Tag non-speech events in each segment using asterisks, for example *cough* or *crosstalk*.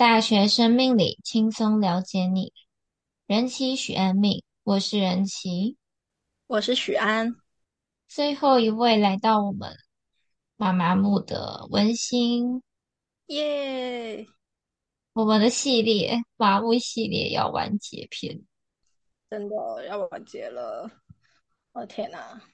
大學生命理輕鬆了解你，人奇煦銨、命，我是人奇。我是煦銨，最後一位來到我們媽媽木的玟星，耶 Yeah！我們的系列媽木系列要完結篇，真的要完結了，我、oh, 天哪，啊！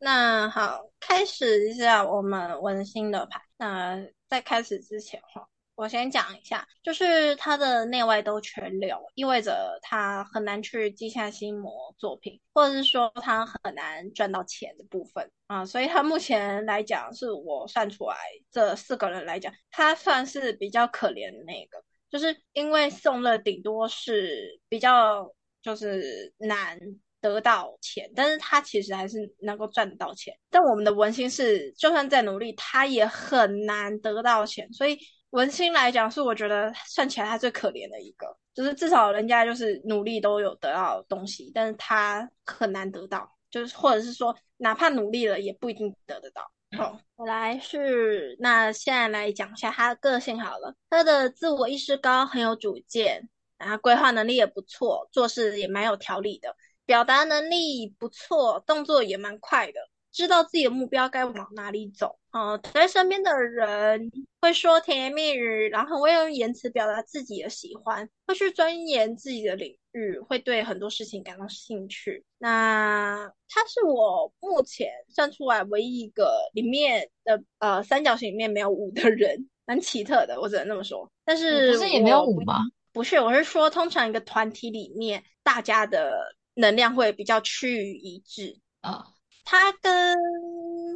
那好，開始一下我們玟星的牌。那在開始之前哈。我先講一下，就是他的內外都全流，意味着他很難去記下心魔作品，或者是說他很難賺到錢的部分啊、嗯，所以他目前來講，是我算出來這四個人來講，他算是比較可憐的那個，就是因為頌樂，頂多是比較就是難得到錢，但是他其實還是能夠賺得到錢，但我們的文星是就算再努力，他也很難得到錢，所以。文星來講，是我覺得算起來他最可憐的一個，就是至少人家就是努力都有得到東西，但是他很難得到，就是或者是說，哪怕努力了也不一定得得到。好、哦，我來是那現在來講一下他的個性好了，他的自我意識高，很有主見，然後規劃能力也不錯，做事也蠻有條理的，表達能力不錯，動作也蠻快的。知道自己的目標該往哪裡走啊。對、呃、在身邊的人會說甜言蜜語，然後會用言辭表達自己的喜歡，會去鑽研自己的領域，會對很多事情感到興趣。那他是我目前算出來唯一一個裡面的呃三角形裡面沒有五的人，蠻奇特的，我只能這麼說。但是不是也沒有五嗎？不是，我是說，通常一個團體裡面大家的能量會比較趨於一致啊。他跟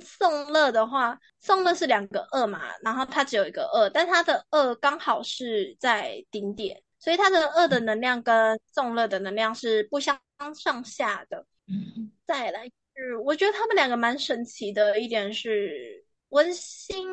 宋樂的話，宋樂是兩個二嘛，然後他只有一個二，但他的二剛好是在頂點，所以他的二的能量跟宋樂的能量是不相上下的。 *laughs* 再來是，我覺得他們兩個蠻神奇的一點是，文星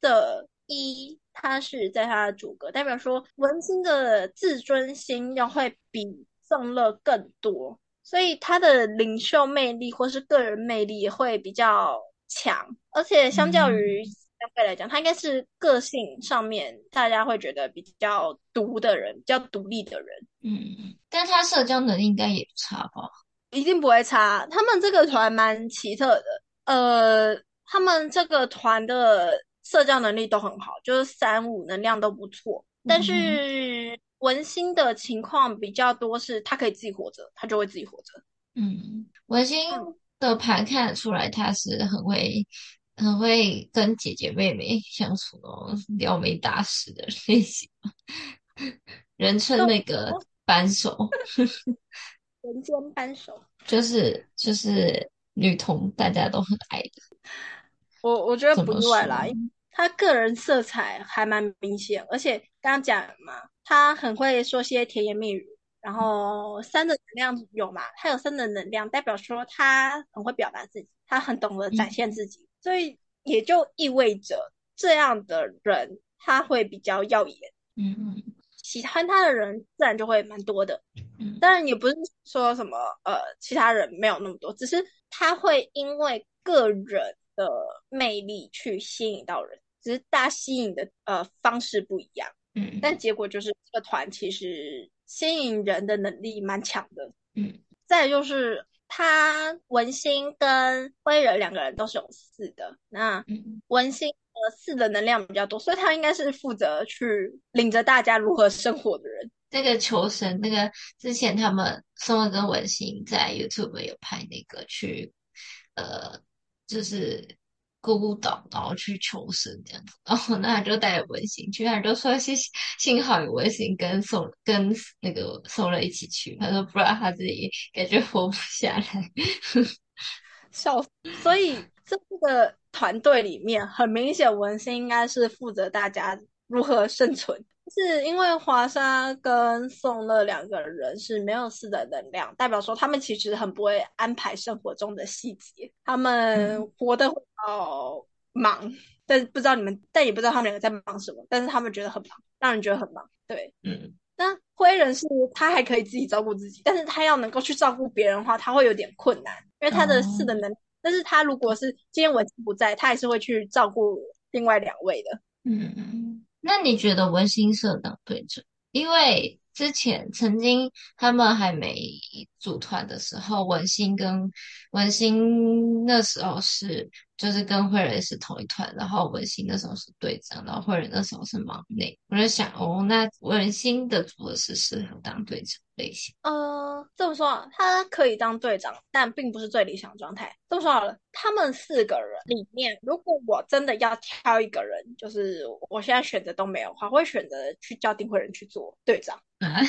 的一，他是在他的主格，代表說文星的自尊心要會比宋樂更多。所以他的領袖魅力或是個人魅力也會比較強，而且相較於相對來講，嗯、他應該是個性上面大家會覺得比較獨的人，比較獨立的人。嗯，但他社交能力應該也不差吧？一定不會差。他們這個團蠻奇特的，呃，他們這個團的社交能力都很好，就是三五能量都不錯，但是。嗯玟星的情況比較多，是他可以自己活着，他就會自己活着。嗯，玟星的盤看得出來，他是很會、嗯、很會跟姐姐妹妹相處哦，撩妹大師的類型，人稱那個扳手， *laughs* 人間扳手，就是，就是就是女同大家都很愛的。我我覺得不對啦，她個人色彩還蠻明顯，而且。剛剛講嘛，他很會說些甜言蜜語，然後三的能量有嘛，他有三的能量，代表說他很會表達自己，他很懂得展現自己，嗯、所以也就意味着這樣的人他會比較耀眼，嗯嗯，喜歡他的人自然就會蠻多的，當然也不是說什麼呃其他人沒有那麼多，只是他會因為個人的魅力去吸引到人，只是他吸引的呃方式不一樣。嗯，但結果就是這個團其實吸引人的能力蠻強的。嗯，再就是他玟星跟輝人兩個人都是有四的，那玟星和四的能量比較多，所以他應該是負責去領着大家如何生活的人。那個求神，那個之前他們頌樂跟玟星在 YouTube 有拍那個去，呃，就是。孤島，然後去求生這樣子，然後那他就帶玟星去，他就說幸幸好有玟星跟頌跟那個頌樂一起去，他說不然他自己感覺活不下來，笑。So, 所以這個團隊裡面，很明顯玟星應該是負責大家如何生存。是因為華莎跟宋樂兩個人是沒有四的能量，代表說他們其實很不會安排生活中的細節，他們活得比較忙，嗯、但不知道你們，但也不知道他們兩個在忙什麼，但是他們覺得很忙，讓人覺得很忙，對。嗯、那灰人是他還可以自己照顧自己，但是他要能夠去照顧別人的話，他會有點困難，因為他的四的能量，啊、但是他如果是今天文星不在，他還是會去照顧另外兩位的，嗯。那你覺得文心適合當隊長？因為之前曾經他們還沒組團的時候，文心跟文心那時候是。就是跟輝人是同一團，然後文星那時候是隊長，然後輝人那時候是忙內。我就想，哦，那文星的做的是適合當隊長類型。呃，這麼說，他可以當隊長，但並不是最理想狀態。這麼說好了，他們四個人裡面，如果我真的要挑一個人，就是我現在選擇都沒有的話，我會選擇去叫丁輝人去做隊長。啊， *laughs*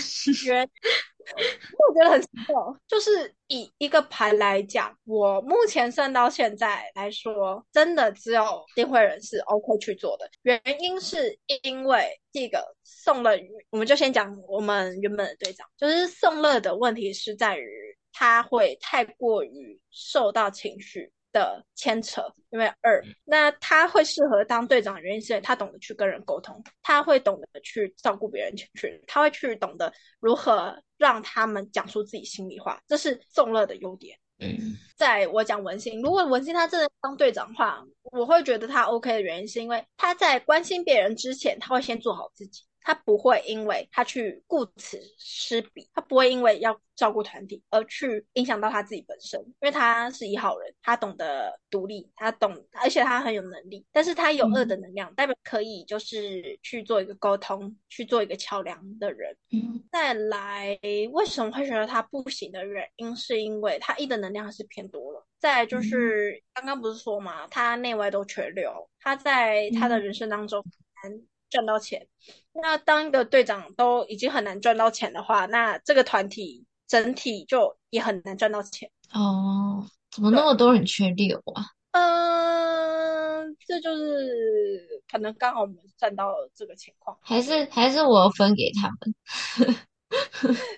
*laughs* 我覺得很奇怪哦，就是以一個牌來講，我目前算到現在來說，真的只有丁輝人是 OK 去做的。原因是因為這個頌樂魚，我們就先講我們原本的隊長，就是頌樂的問題是在於他會太過於受到情緒。的牽扯，因為二，那他會適合當隊長的原因是他懂得去跟人溝通，他會懂得去照顧別人情緒，他會去懂得如何讓他們講出自己心裡話，這是頌樂的優點。嗯，在我講玟星，如果玟星他真的當隊長的話，我會覺得他 OK 的原因是因為他在關心別人之前，他會先做好自己。他不會因為他去顧此失彼，他不會因為要照顧團體而去影響到他自己本身，因為他是一號人，他懂得獨立，他懂，而且他很有能力。但是他有二的能量，嗯、代表可以就是去做一個溝通，去做一個橋樑的人。嗯、再來，為什麼會覺得他不行的原因，是因為他一的能量是偏多了。再來就是、嗯、剛剛不是說嘛，他內外都全流，他在他的人生當中。嗯嗯賺到錢，那當一個隊長都已經很難賺到錢的話，那這個團體整體就也很難賺到錢哦。怎麼那麼多人缺六啊？嗯、呃，這就是可能剛好我們賺到這個情況，還是還是我分給他們？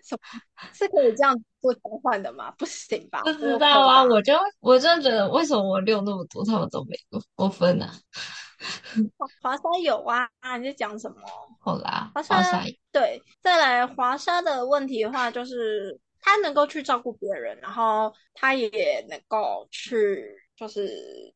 什 *laughs* 麼是可以這樣做交換的嗎？不行吧？不知道啊，我就我真的覺得，為什麼我六那麼多，他們都沒給我分呢、啊？華華莎有啊，你在講什麼？好啦，華莎山對，再來華莎的問題的話，就是他能夠去照顧別人，然後他也能夠去，就是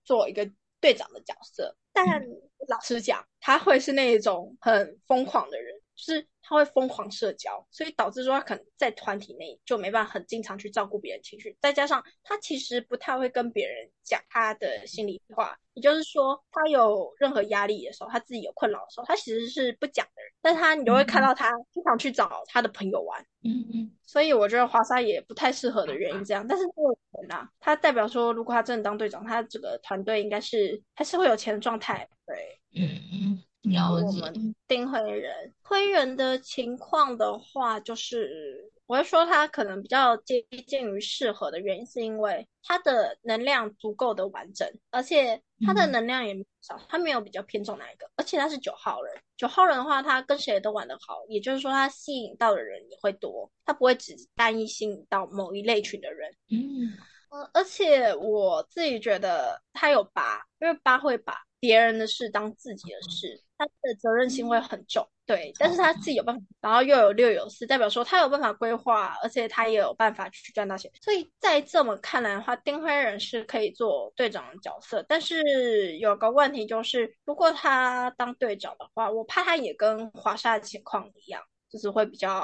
做一個隊長的角色。但、嗯、老實講，他會是那種很瘋狂的人。是，他會瘋狂社交，所以導致說他可能在團體內就沒辦法很經常去照顧別人情緒。再加上他其實不太會跟別人講他的心裡話，也就是說他有任何壓力的時候，他自己有困擾的時候，他其實是不講的人。但他你就會看到他經常去找他的朋友玩。嗯嗯。所以我覺得華莎也不太適合的原因這樣，但是有錢吶，他代表說如果他真的當隊長，他這個團隊應該是還是會有錢的狀態。對，嗯嗯。我們定會人灰人的情況的話，就是我會說他可能比較接近，近於適合的原因，是因為他的能量足夠的完整，而且他的能量也少，嗯、他沒有比較偏重哪一個，而且他是九號人。九號人的話，他跟誰都玩得好，也就是說他吸引到的人也會多，他不會只單一吸引到某一類群的人。嗯，呃、嗯，而且我自己覺得他有八，因為八會把。別人的事當自己的事，嗯、他的責任心會很重，嗯、對。但是他自己有辦法，嗯、然後又有六有四，嗯、代表說他有辦法規劃，而且他也有辦法去賺到錢。所以在這麼看來的話，丁輝人是可以做隊長的角色，但是有個問題就是，如果他當隊長的話，我怕他也跟華沙的情況一樣，就是會比較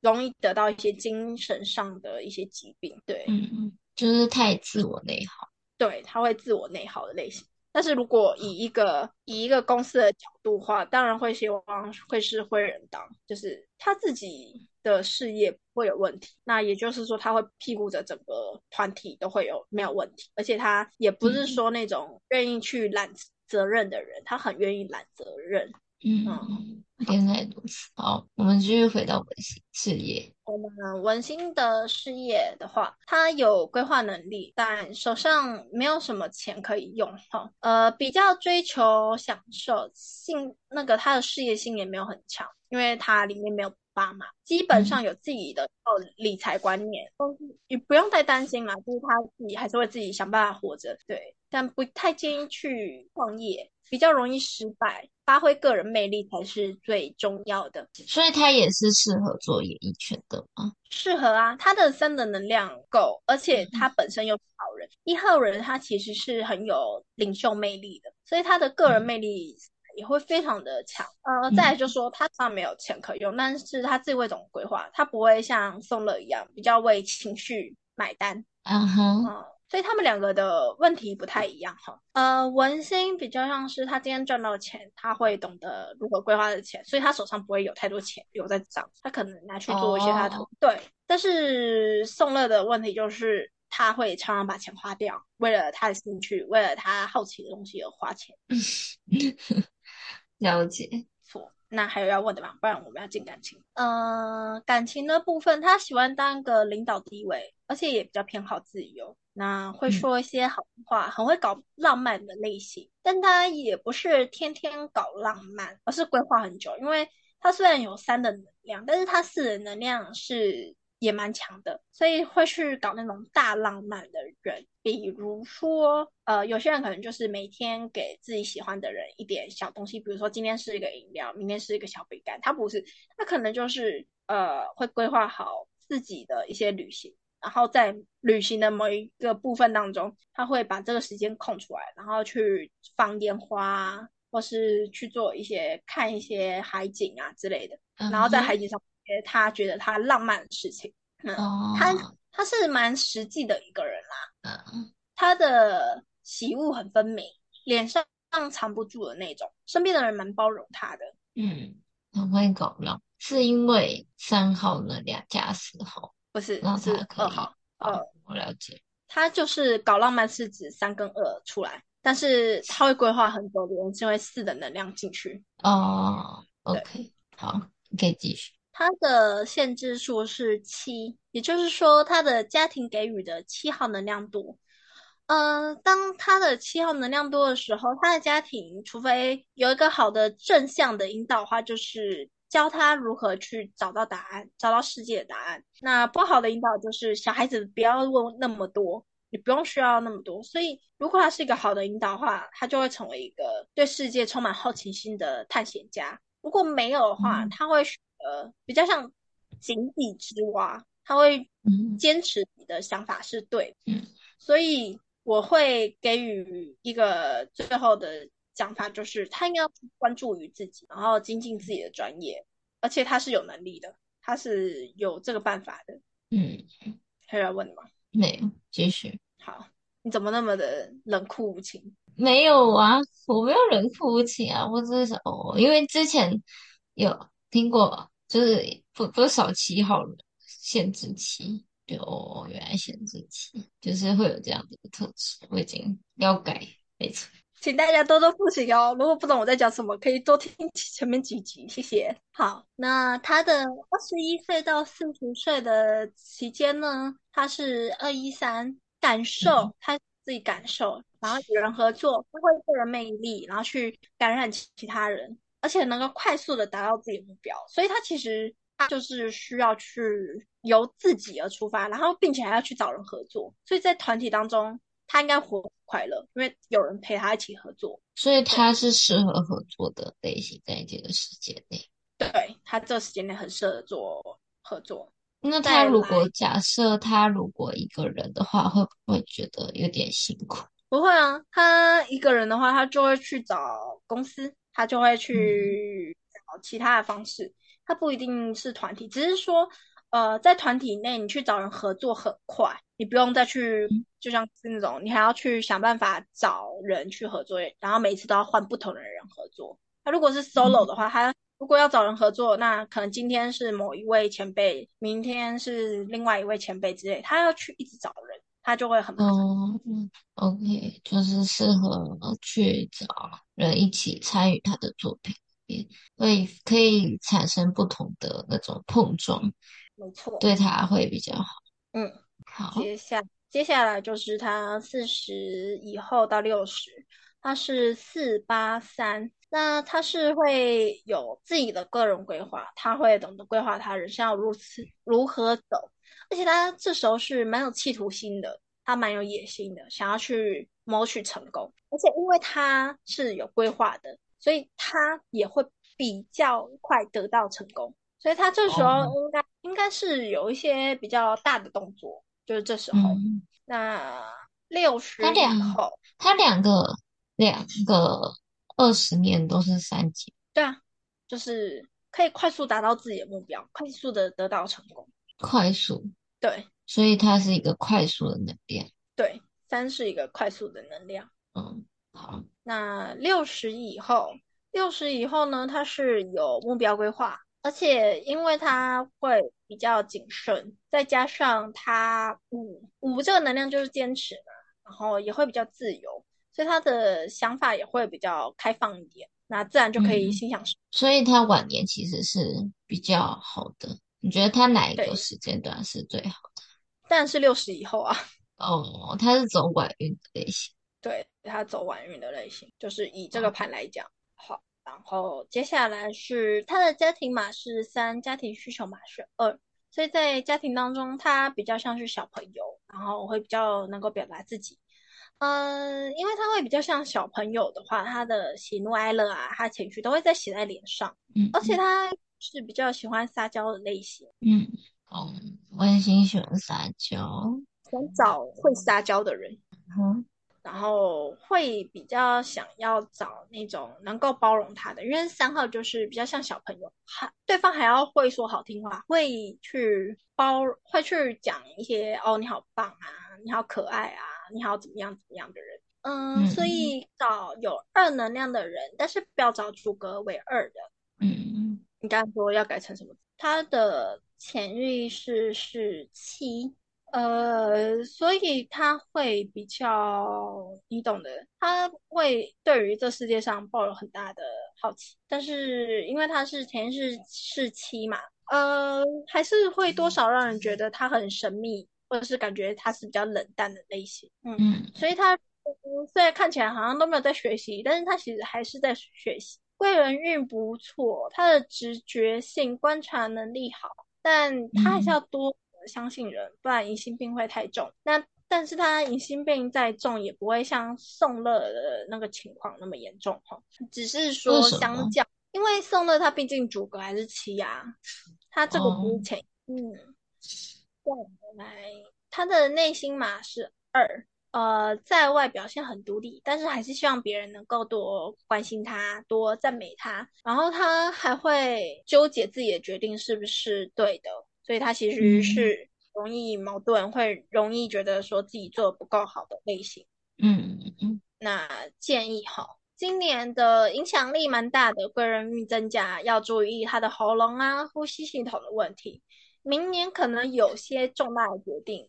容易得到一些精神上的一些疾病。對，嗯，就是太自我內耗，對，他會自我內耗的類型。嗯但是如果以一個以一個公司的角度的話，當然會希望會是灰人當，就是他自己的事業不會有問題，那也就是說他會庇護著整個團體都會有沒有問題，而且他也不是說那種願意去攬責任的人，他很願意攬責任。嗯，點太多。好，好，我們繼續回到玟星事業。我們、嗯、玟星的事業的話，他有規劃能力，但手上沒有什麼錢可以用哈、哦。呃，比較追求享受性，那個他的事業心也沒有很強，因為他裡面沒有爸媽，基本上有自己的哦理財觀念，是你、嗯、不用太擔心嘛，就是他自己還是會自己想辦法活着。對，但不太建議去創業。比較容易失敗，發揮個人魅力才是最重要的，所以他也是適合做演藝圈的嗎？適合啊，他的三的能量夠，而且他本身又是好人，一號、嗯、人他其實是很有領袖魅力的，所以他的個人魅力也會非常的強。嗯、呃，再來就說他雖然沒有錢可用，嗯、但是他自己會總規劃？他不會像頌樂一樣比較為情緒買單。嗯哼。嗯所以他們兩個的問題不太一樣哈，對呃，文星比較像是他今天賺到錢，他會懂得如何規劃的錢，所以他手上不會有太多錢留在賬，他可能拿去做一些他投資。oh. 對。但是宋樂的問題就是他會常常把錢花掉，為了他的興趣，為了他好奇的東西而花錢。 *laughs* 了解。那還有要問的嗎？不然我們要進感情。嗯、呃，感情的部分，他喜歡當個領導地位，而且也比較偏好自由。那會說一些好話，嗯、很會搞浪漫的類型，但他也不是天天搞浪漫，而是規劃很久。因為他雖然有三的能量，但是他四的能量是。也蠻強的，所以會去搞那種大浪漫的人，比如說，呃，有些人可能就是每天給自己喜歡的人一點小東西，比如說今天是一個飲料，明天是一個小餅乾。他不是，他可能就是呃，會規劃好自己的一些旅行，然後在旅行的某一個部分當中，他會把這個時間空出來，然後去放煙花，或是去做一些看一些海景啊之類的，然後在海景上。他覺得他浪漫的事情，嗯 oh. 他他是蠻實際的一個人啦。Oh. 他的喜惡很分明，臉上藏不住的那種。身邊的人蠻包容他的，嗯，很會搞浪，是因為三號能量加四號，不是那可 是二號，呃，oh, 我了解。他就是搞浪漫是指三跟二出來，但是他會規劃很多，因為四的能量進去。哦、oh, OK，對好，可以繼續。他的限制數是七，也就是說，他的家庭給予的七號能量多。呃，當他的七號能量多的時候，他的家庭除非有一個好的正向的引導的話，就是教他如何去找到答案，找到世界的答案。那不好的引導就是小孩子不要問那麼多，你不用需要那麼多。所以，如果他是一個好的引導的話，他就會成為一個對世界充滿好奇心的探險家。如果沒有的話，他會，嗯。呃，比較像井底之蛙，他會堅持你的想法是對。嗯，所以我會給予一個最後的講法，就是他應該要關注於自己，然後精進自己的專業，而且他是有能力的，他是有這個辦法的。嗯，還要問的嗎？沒有，繼續。好，你怎麼那麼的冷酷無情？沒有啊，我沒有冷酷無情啊，我只是想，哦，因為之前有聽過。就是不不少七號人限制期，對哦，原來限制期就是會有這樣子的特質，我已經要改，沒錯。請大家多多複習哦。如果不懂我在講什麼，可以多聽前面幾集，謝謝。好，那他的二十一歲到四十歲的期間呢，他是二一三感受，他自己感受，嗯、然後與人合作，發揮個人魅力，然後去感染其他人。而且能夠快速的達到自己的目標，所以他其實他就是需要去由自己而出發，然後並且還要去找人合作。所以在團體當中，他應該活快樂，因為有人陪他一起合作。所以他是適合合作的類型，對在這個時間內，對他這時間內很適合做合作。那他如果來假設他如果一個人的話，會不會覺得有點辛苦？不會啊，他一個人的話，他就會去找公司。他就會去找其他的方式，嗯、他不一定是團體，只是說，呃，在團體內你去找人合作很快，你不用再去，就像是那種你還要去想辦法找人去合作，然後每一次都要換不同的人合作。他如果是 solo 的話，嗯、他如果要找人合作，那可能今天是某一位前輩，明天是另外一位前輩之類，他要去一直找人，他就會很嗯、oh,，OK，就是適合去找。人一起參與他的作品裡，所以可以產生不同的那種碰撞。沒錯，對他會比較好。嗯，好，接下來接下來就是他四十以後到六十，他是四八三，那他是會有自己的個人規劃，他會懂得規劃他人生要如此如何走，而且他這時候是蠻有企圖心的。他蠻有野心的，想要去謀取成功，而且因為他是有規劃的，所以他也會比較快得到成功。所以他這時候應該、哦、應該是有一些比較大的動作，就是這時候，嗯、那六十年後，他兩個，兩個二十年都是三級，對啊，就是可以快速達到自己的目標，快速的得到成功，快速。對，所以它是一個快速的能量。對，三是一個快速的能量。嗯，好。那六十以後，六十以後呢？它是有目標規劃，而且因為它會比較謹慎，再加上它五五這個能量就是堅持，然後也會比較自由，所以他的想法也會比較開放一點，那自然就可以心想事成。所以他晚年其實是比較好的。你覺得他哪一個時間段是最好的？但是六十以後啊。哦，oh, 他是走晚運的類型，對他走晚運的類型，就是以這個盤來講，oh. 好。然後接下來是他的家庭碼是三，家庭需求碼是二，所以在家庭當中，他比較像是小朋友，然後我會比較能夠表達自己。嗯，因為他會比較像小朋友的話，他的喜怒哀樂啊，他情緒都會在寫在臉上，嗯嗯而且他。是比較喜歡撒嬌的類型，嗯，哦，溫馨喜歡撒嬌，想找會撒嬌的人，嗯，然後會比較想要找那種能夠包容他的，因為三號就是比較像小朋友，還對方還要會說好聽話，會去包，會去講一些哦你好棒啊，你好可愛啊，你好怎麼樣怎麼樣的人，嗯，嗯，所以找有二能量的人，但是不要找主格為二的。你剛剛說要改成什麼？他的潛意識是七，呃，所以他會比較，你懂的，他會對於這世界上抱有很大的好奇，但是因為他是潛意識是七嘛，呃，還是會多少讓人覺得他很神秘，或者是感覺他是比較冷淡的類型。嗯嗯，所以他雖然看起來好像都沒有在學習，但是他其實還是在學習。貴人運不錯，他的直覺性觀察能力好，但他還是要多相信人，嗯、不然疑心病會太重。那但是他疑心病再重，也不會像宋樂的那個情況那麼嚴重哈，只是說相較，為因為宋樂他畢竟主格還是七呀、啊，他這個是前，oh. 嗯，再來他的內心碼是二。呃，在外表現很獨立，但是還是希望別人能夠多關心他，多讚美他。然後他還會糾結自己的決定是不是對的，所以他其實是容易矛盾，嗯、會容易覺得說自己做的不夠好的類型。嗯嗯。那建議哈，今年的影響力蠻大的，貴人運增加，要注意他的喉嚨啊、呼吸系統的問題。明年可能有些重大的決定。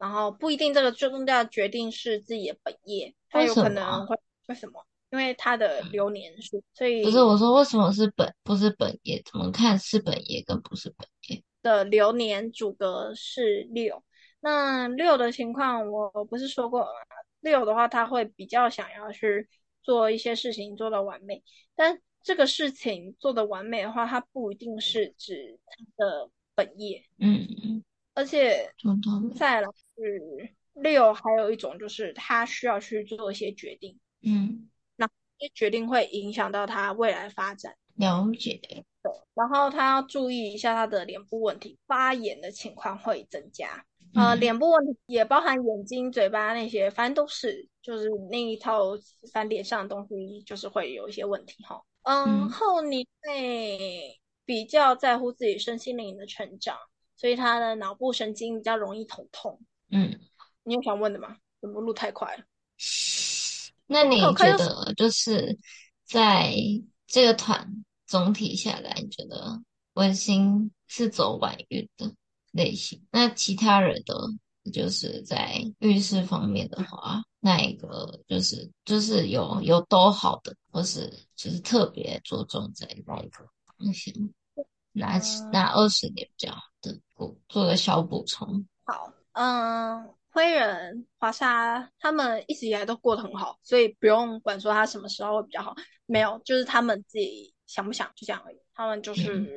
然後不一定這個最重要決定是自己的本業，他有可能會為什麼？因為他的流年數，嗯、所以不是我說為什麼是本不是本業？怎麼看是本業跟不是本業的流年主格是六？那六的情況，我不是說過嗎、啊？六的話，他會比較想要去做一些事情做到完美，但這個事情做得完美的話，它不一定是指他的本業。嗯嗯，而且在了。嗯六，6，還有一種就是他需要去做一些決定，嗯，那些決定會影響到他未來的發展。了解，對，然後他要注意一下他的臉部問題，發炎的情況會增加。嗯、呃，臉部問題也包含眼睛、嘴巴那些，反正都是就是那一套，翻臉上的東西就是會有一些問題哈。嗯，嗯後你會比較在乎自己身心靈的成長，所以他的腦部神經比較容易頭痛。嗯，你有想問的嗎？怎麼錄太快了？那你覺得就是在這個團總體下來，你覺得玟星是走晚運的類型？那其他人的就是在運勢方面的話，那一個就是就是有有多好的，或是就是特別着重在那一個方面？拿拿二十年比較好的做個小補充。好。嗯，輝人華莎他們一直以來都過得很好，所以不用管說他什麼時候會比較好。沒有，就是他們自己想不想就這樣而已。他們就是、嗯、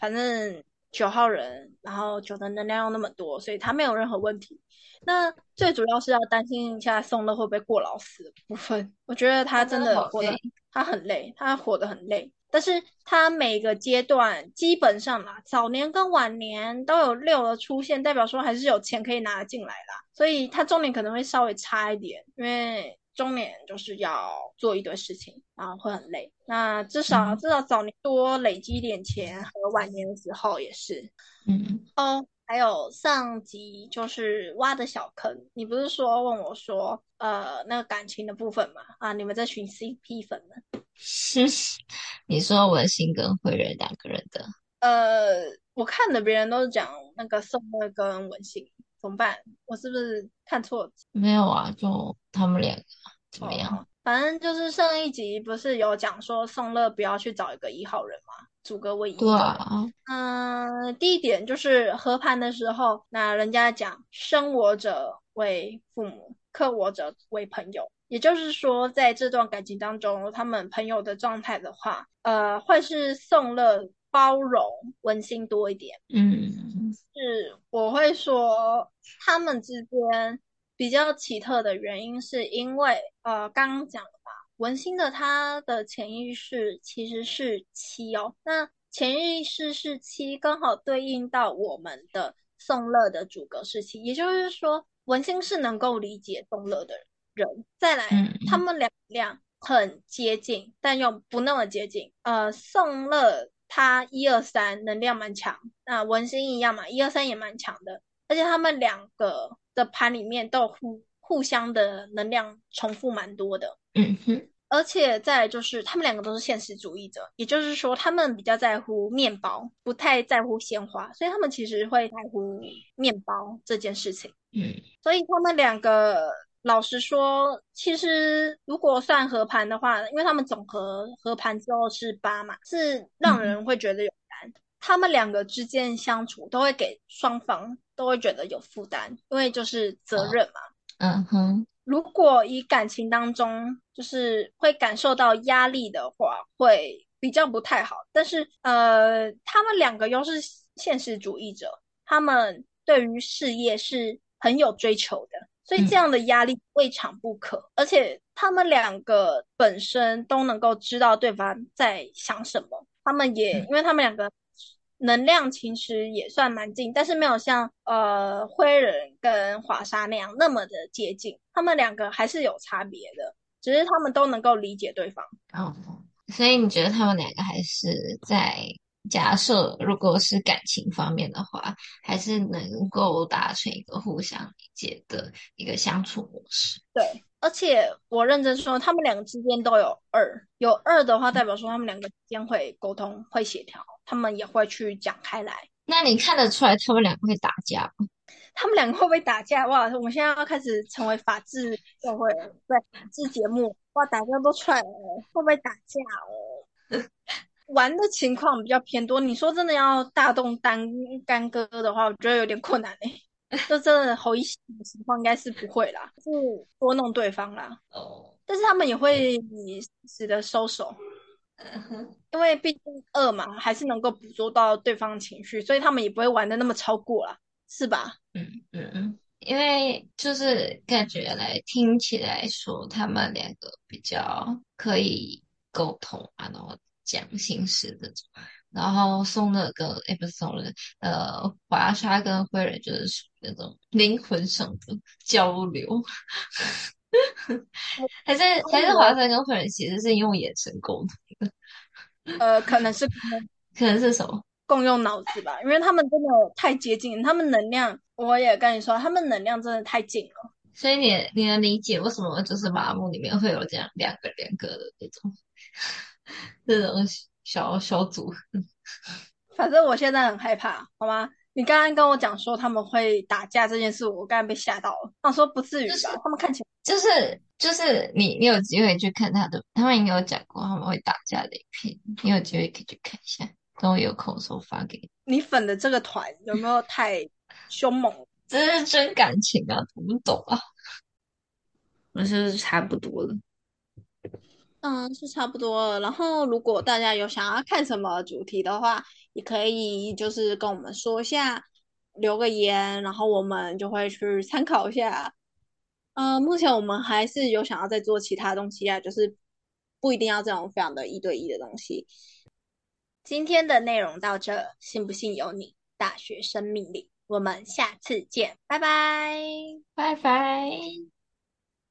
反正九號人，然後九的能量又那麼多，所以他沒有任何問題。那最主要是要擔心一下頌樂會不會過勞死的部分。不分。我覺得他真的活得，他，他很累，他活得很累。但是他每個階段基本上嘛、啊，早年跟晚年都有六的出現，代表說還是有錢可以拿進來啦。所以他中年可能會稍微差一點，因為中年就是要做一堆事情，然後會很累。那至少至少早年多累積一點錢，和晚年的時候也是，嗯哦。Uh, 還有上集就是挖的小坑，你不是說問我說，呃，那個感情的部分嗎？啊，你們在尋 CP 粉呢？是， *laughs* 你說玟星跟輝人兩個人的，呃，我看的別人都是講那個頌樂跟玟星，怎麼辦？我是不是看錯了？沒有啊，就他們兩個怎麼樣？哦，反正就是上一集不是有講說頌樂不要去找一個一號人嗎？主格位移。對啊，嗯哇、呃，第一點就是合盤的時候，那人家講生我者為父母，克我者為朋友，也就是說，在這段感情當中，他們朋友的狀態的話，呃，會是送樂包容溫馨多一點，嗯，是我會說他們之間比較奇特的原因，是因為呃，剛剛講了吧。文星的他的潛意識其實是七哦，那潛意識是七，剛好對應到我們的頌樂的主格是七，也就是說文星是能夠理解頌樂的人。再來，他們兩兩很接近，但又不那麼接近。呃，頌樂他一二三能量蠻強，那文星一樣嘛，一二三也蠻強的，而且他們兩個的盤裡面都有呼。互相的能量重複蠻多的，嗯哼，而且再來就是他們兩個都是現實主義者，也就是說他們比較在乎面包，不太在乎鮮花，所以他們其實會在乎面包這件事情，嗯，所以他們兩個老實說，其實如果算合盤的話，因為他們總和合盤之後是八嘛，是讓人會覺得有難。他們兩個之間相處都會給雙方都會覺得有負擔，因為就是責任嘛。啊嗯哼，uh huh. 如果以感情當中就是會感受到壓力的話，會比較不太好。但是呃，他們兩個又是現實主義者，他們對於事業是很有追求的，所以這樣的壓力未嘗不可。嗯、而且他們兩個本身都能夠知道對方在想什麼，他們也、嗯、因為他們兩個。能量其實也算蠻近，但是沒有像呃輝人跟華莎那樣那麼的接近。他們兩個還是有差別的，只是他們都能夠理解對方。哦，所以你覺得他們兩個還是在？假設如果是感情方面的話，還是能夠達成一個互相理解的一個相處模式。對，而且我認真說，他們兩個之間都有二，有二的話，代表說他們兩個之間會溝通、會協調，他們也會去講開來。那你看得出來他們兩個會打架嗎？他們兩個會不會打架？哇，我們現在要開始成為法治社會，對，法治節目，哇，打架都出來了，會不會打架哦？ *laughs* 玩的情況比較偏多。你說真的要大動干干戈的話，我覺得有點困難就、欸、真的好一些的情況應該是不會啦，是捉弄對方啦。哦，oh. 但是他們也會適時的收手，oh. 因為畢竟二嘛，還是能夠捕捉到對方的情緒，所以他們也不會玩的那麼超過了，是吧？嗯嗯，因為就是感覺來聽起來說，他們兩個比較可以溝通啊，然後。講心事這種，然後頌樂跟誒，不是頌樂，呃，華莎跟輝人就是那種靈魂上的交流。 *laughs* 還是還是華莎跟輝人其實是用眼神溝通的？ *laughs* 呃，可能是可能是什麼共用腦子吧，因為他們真的太接近，他們能量我也跟你說，他們能量真的太近了。所以你你能理解為什麼就是麻木裡面會有這樣兩個兩個的那種。這種小小組，反正我現在很害怕，好嗎？你剛剛跟我講說他們會打架這件事，我剛剛被嚇到了。我說不至於吧，就是、他們看起來就是就是你你有機會去看他的，他們也有講過他們會打架的影片，你有機會可以去看一下。等我有空的時候發給你。你粉的這個團有沒有太兇猛？這是真感情啊，我們懂啊，我是差不多了。嗯，是差不多了。然後，如果大家有想要看什麼主題的話，也可以就是跟我們說一下，留個言，然後我們就會去參考一下。嗯，目前我們還是有想要再做其他東西啊，就是不一定要這種非常的一對一的東西。今天的內容到這，信不信由你，大學生命密碼，我們下次見，拜拜，拜拜。